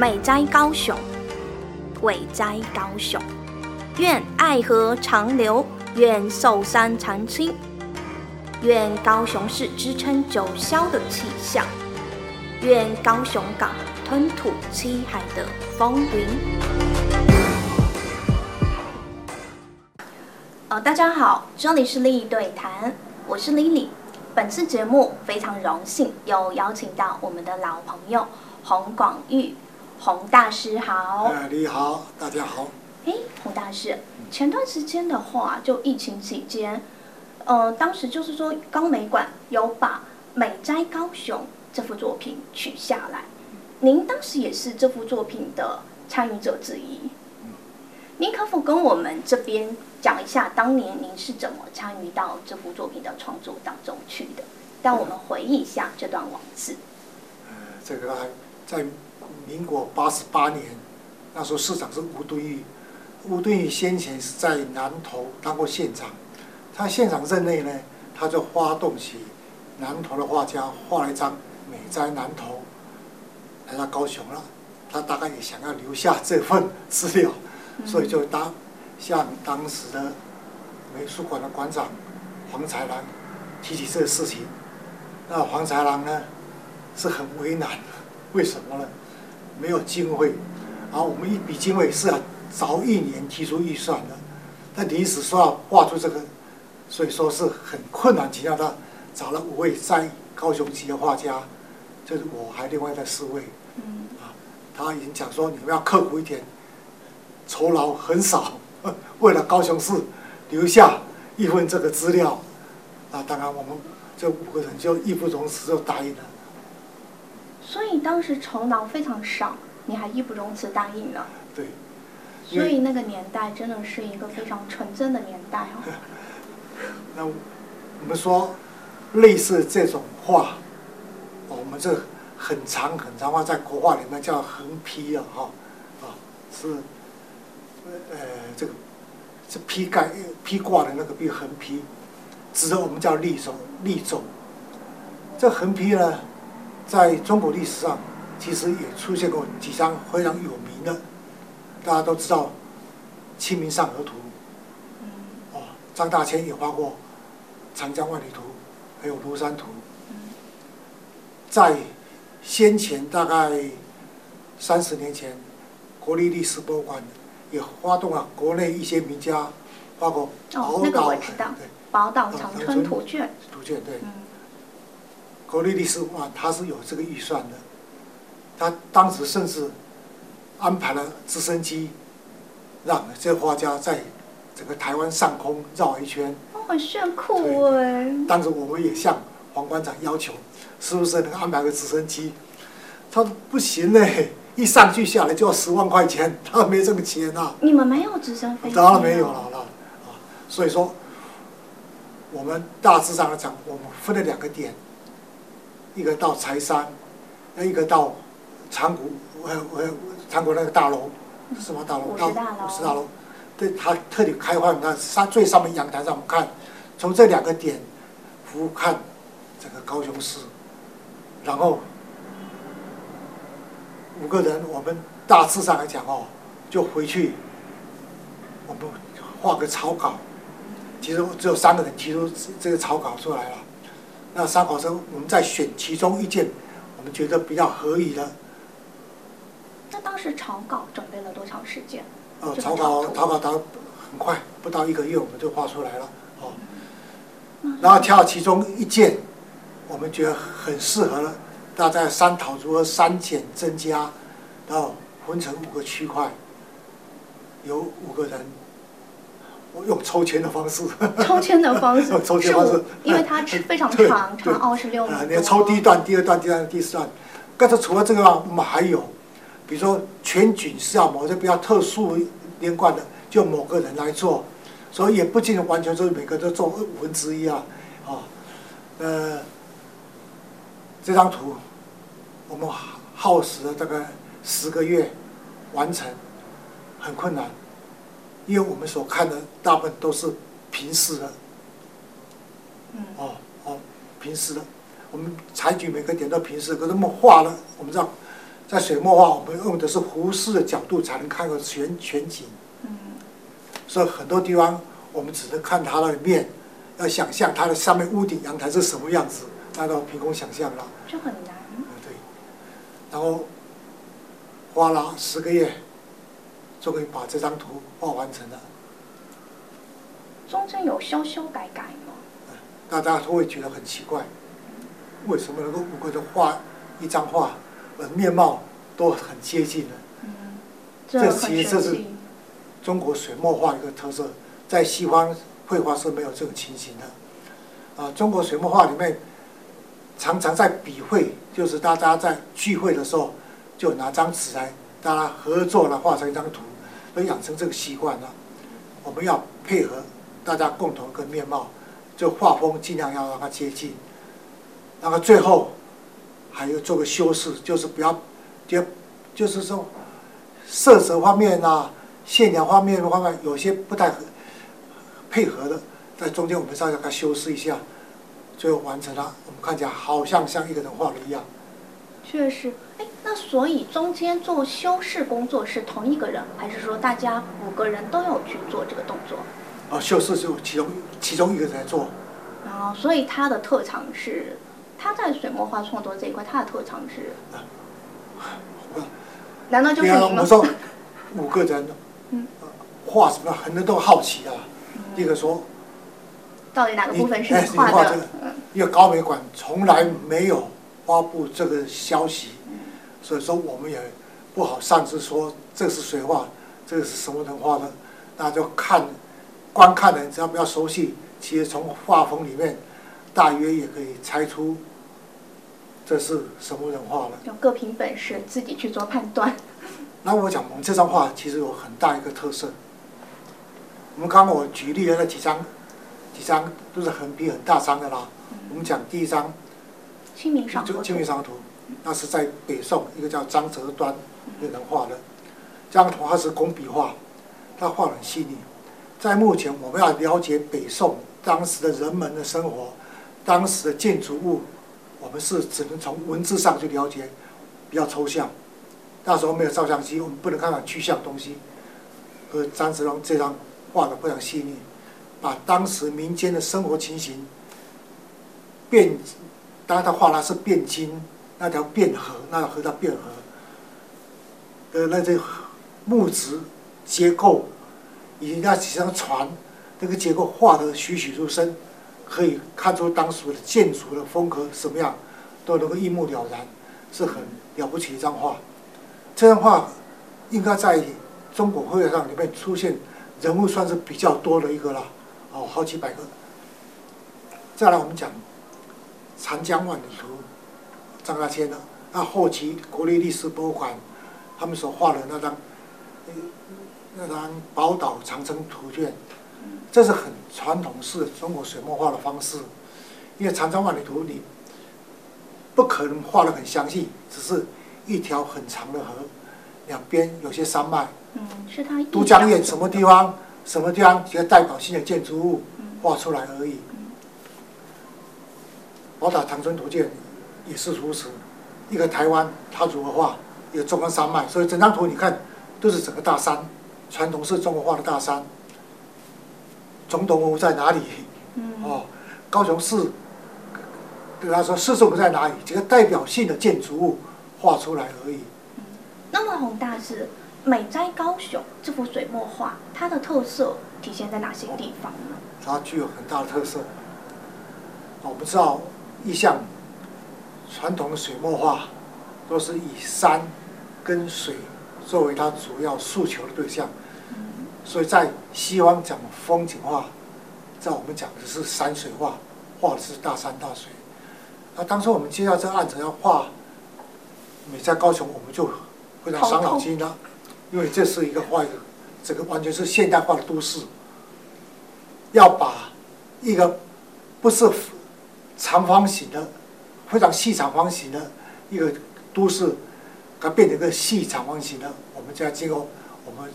美哉高雄，偉哉高雄！願愛河長流，願壽山長青，願高雄市支撐九霄的氣象，願高雄港吞吐七海的風雲。呃、哦，大家好，這裡是莉藝對談，我是 Lily。本次節目非常榮幸又邀請到我們的老朋友洪廣煜。洪大師好，欸。哎，你好，大家好。哎，洪大師，前段時間的話，就疫情期間，呃，當時就是說，高美館有把《美哉高雄》這幅作品取下來，您當時也是這幅作品的參與者之一。您可否跟我們這邊講一下，當年您是怎麼參與到這幅作品的創作當中去的？讓我們回憶一下這段往事。呃，這個還在。民國八十八年，那時候市長是吳敦義。吳敦義先前是在南投當過縣長，他縣長任內呢，他就發動起南投的畫家畫了一張《美哉南投》，來到高雄了。他大概也想要留下這份資料，所以就當向當時的美術館的館長黃才郎提起這個事情。那黃才郎呢，是很為難的，為什麼呢？沒有經費，啊，我們一筆經費是要早一年提出預算的，但臨時說要畫出這個，所以說是很困難。其實他找了五位在高雄籍的畫家，就是我還另外在四位，啊，他已經講說你們要刻苦一點，酬勞很少，為了高雄市留下一份這個資料，啊，當然我們這五個人就義不容辭就答應了。所以當時酬勞非常少，你還義不容辭答應呢。對。所以那個年代真的是一個非常純真的年代，哦。 那我們說類似這種畫，我們這很長很長畫在國畫裡面叫橫披啊。哈、哦，啊是呃這個是披蓋披掛的那個叫橫披。指着我們叫立軸立軸，這橫披呢？在中國歷史上，其實也出現過幾張非常有名的，大家都知道《清明上河圖》嗯。哦，張大千也畫過《長江萬里圖》，還有《廬山圖》嗯。在先前大概三十年前，國立歷史博物館也發動了國內一些名家畫過《寶島》。哦，寶島長春圖卷。圖卷對。嗯國立歷史啊，他是有這個預算的，他當時甚至安排了直升機，讓這畫家在整個台灣上空繞一圈。那、哦、很炫酷哎、欸！當時我們也向黃館長要求，是不是能安排個直升機？他說不行嘞、欸，一上去下來就要十萬塊錢，他、啊、沒這個錢吶、啊。你們沒有直升飛機、啊？當然、啊、沒有了啦！啊，所以說我們大致上來講，我們分了兩個點。一個到柴山，那一個到長谷，我我長谷那個大樓，是什麼大樓到五十大樓？對，他特地開放，那上最上面陽台上我們看，從這兩個點俯瞰整個高雄市，然後五個人，我們大致上來講哦，就回去，我們畫個草稿，其實只有三個人提出這個草稿出來了。那三考生，我們在選其中一件，我們覺得比較合理的。那當時草稿準備了多長時間？哦，草稿草稿到很快，不到一個月我們就畫出來了。哦，然後挑其中一件，我們覺得很適合了，那在商討如何刪、減、增加，然後分成五個區塊，有五個人。我用抽籤的方式，抽籤的方式， 抽籤的方式，因為它非常長，長二十六年。你要抽第一段、哦、第段、第二段、第三、第四段。但是除了這個，我們還有，比如說全景是要某些比較特殊連貫的，就某個人來做，所以也不盡完全就是每個都做五分之一啊，啊、哦，呃，這張圖，我們耗時了大概十個月完成，很困難。因為我們所看的大部分都是平視的，嗯，哦哦，平視的，我們採取每個點都平視，可是墨畫呢，我們知道，在水墨畫，我們用的是弧視的角度才能看到全全景，嗯，所以很多地方我們只能看它的面，要想象它的下面屋頂陽台是什麼樣子，那都憑空想象了，就很難，對。對，然後花了十個月。就可以把這張圖畫完成了。中間有修修改改嗎？大家都會覺得很奇怪，嗯、為什麼能夠五個都畫一張畫，而面貌都很接近呢、嗯？這其實這是中國水墨畫一個特色，在西方繪畫是沒有這種情形的。啊、呃，中國水墨畫裡面常常在筆會，就是大家在聚會的時候就拿張紙來。大家合作呢，畫成一張圖，要養成這個習慣了。我們要配合大家共同跟面貌，就畫風盡量要讓它接近。然後最後還有做個修飾，就是不要就就是說，色澤方面啊，線條方面的話呢，有些不太合配合的，在中間我們稍微要給它修飾一下，最後完成了。我們看起來好像像一個人畫的一樣。確實，哎，那所以中間做修飾工作是同一個人，還是說大家五個人都有去做這個動作？啊、呃，修飾是其中其中一個人做。然後、嗯，所以他的特長是，他在水墨畫創作這一塊，他的特長是。啊、難道就是你們？你啊、我說五個人。嗯、 呃。畫什麼？很多人都好奇啊，嗯、一個說。到底哪個部分是畫的？因為、哎這個、高美館從來沒有。發佈這個消息，所以說我們也不好擅自說這是誰畫，這個是什麼人畫的，那就看觀看的人，只要比較熟悉，其實從畫風裡面大約也可以猜出這是什麼人畫的。要各憑本事，自己去做判斷。那我講，我們這張畫其實有很大一個特色。我們剛剛我舉例了那幾張，幾張都是橫批很大張的啦。我們講第一張。嗯清明上圖，清明上圖，那是在北宋，一個叫張擇端的人畫的。這張畫是工筆畫，他畫得很細膩，在目前我們要了解北宋當時的人們的生活，當時的建築物，我們是只能從文字上去了解，比較抽象，那時候沒有照相機，我們不能看到具象的東西，而張擇端這張畫的非常細膩，把當時民間的生活情形，變。當然，他畫的是汴京那條汴河，那條河叫汴河，的那些木質結構以及那幾張船，那個結構畫得栩栩如生，可以看出當時的建築的風格什麼樣，都能夠一目了然，是很了不起一張畫。這張畫應該在中國繪畫上裡面出現人物算是比較多的一個了，哦，好幾百個。再來我們講。《長江萬里圖》，張大千的，那後期國立歷史博物館，他們所畫的那張，那張寶島長春圖卷，這是很傳統式中國水墨畫的方式。因為《長江萬里圖》你不可能畫得很詳細，只是一條很長的河，兩邊有些山脈。嗯，是他。都江堰什麼地方？嗯、什麼地方一些代表性的建築物畫出來而已。《寶島長春圖卷》也是如此，一個台灣，它如何畫？有中央山脈，所以整張圖你看，都是整個大山，傳統式中國畫的大山。總統府在哪裡？嗯、哦，高雄市，對他說市政府在哪裡？幾個代表性的建築物畫出來而已。嗯、那麼洪大師《美哉高雄》這幅水墨畫，它的特色體現在哪些地方呢？哦、它具有很大的特色，我、哦、不知道。一向傳統的水墨畫，都是以山跟水作為它主要訴求的對象。所以在西方講風景畫，在我們講的是山水畫，畫的是大山大水。那當初我們接到這個案子要畫美哉高雄，我們就非常傷腦筋了，痛因為這是一個壞的，整個完全是現代化的都市，要把一個不是。長方形的，非常細長方形的一個，都市，它變成一個細長方形的。我們家今後我們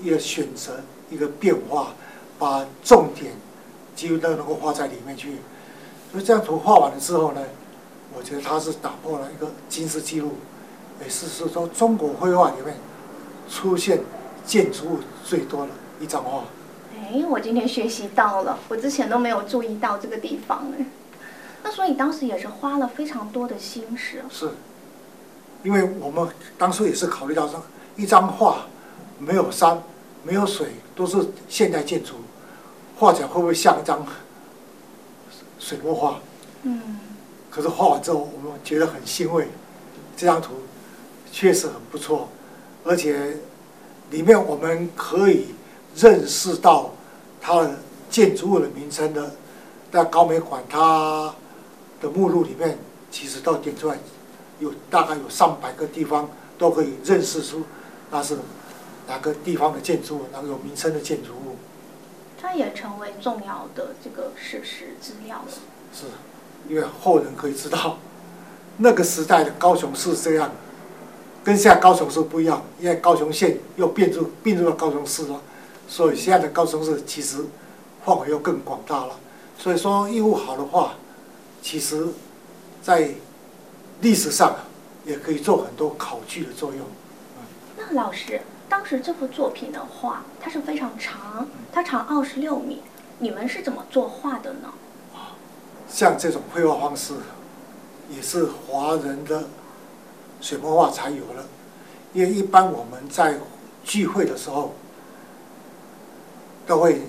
一個選擇一個變化，把重點幾乎都能夠畫在裡面去。所以這張圖畫完了之後呢，我覺得它是打破了一個金氏紀錄，也、欸、是，是說中國繪畫裡面出現建築物最多的一張畫。哎、欸，我今天學習到了，我之前都沒有注意到這個地方哎、欸。那所以當時也是花了非常多的心思。是，因為我們當初也是考慮到，一張畫沒有山，沒有水，都是現代建築，畫起來會不會像一張水墨畫？嗯。可是畫完之後，我們覺得很欣慰，這張圖確實很不錯，而且裡面我們可以認識到它的建築物的名稱的，在高美館它的目錄裡面，其實到點出來，有大概有上百個地方都可以認識出，那是哪個地方的建築物，哪個有名稱的建築物。它也成為重要的這個事實資料了是。是，因為後人可以知道，那個時代的高雄市這樣，跟現在高雄市不一樣，因為高雄縣又變入併入了高雄市了，所以現在的高雄市其實範圍又更廣大了。所以說，義務好的話。其實，在歷史上，啊，也可以做很多考據的作用。嗯，那老師，當時這幅作品的話，它是非常長，它長二十六米，你們是怎麼作畫的呢？像這種繪畫方式，也是華人的水墨畫才有了，因為一般我們在聚會的時候，都會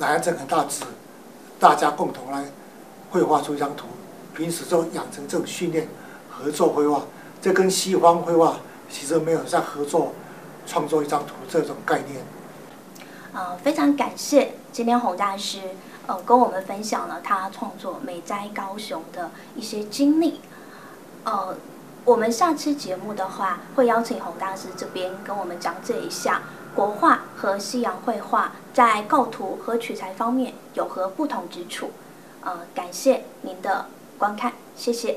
拿一張很大紙，大家共同來。繪畫出一張圖，平時就養成這種訓練，合作繪畫，這跟西方繪畫其實沒有在合作創作一張圖這種概念。呃，非常感謝今天洪大師，呃，跟我們分享了他創作《美哉高雄》的一些經歷。呃，我們下期節目的話，會邀請洪大師這邊跟我們講解一下國畫和西洋繪畫在構圖和取材方面有何不同之處。呃，感謝您的觀看，謝謝。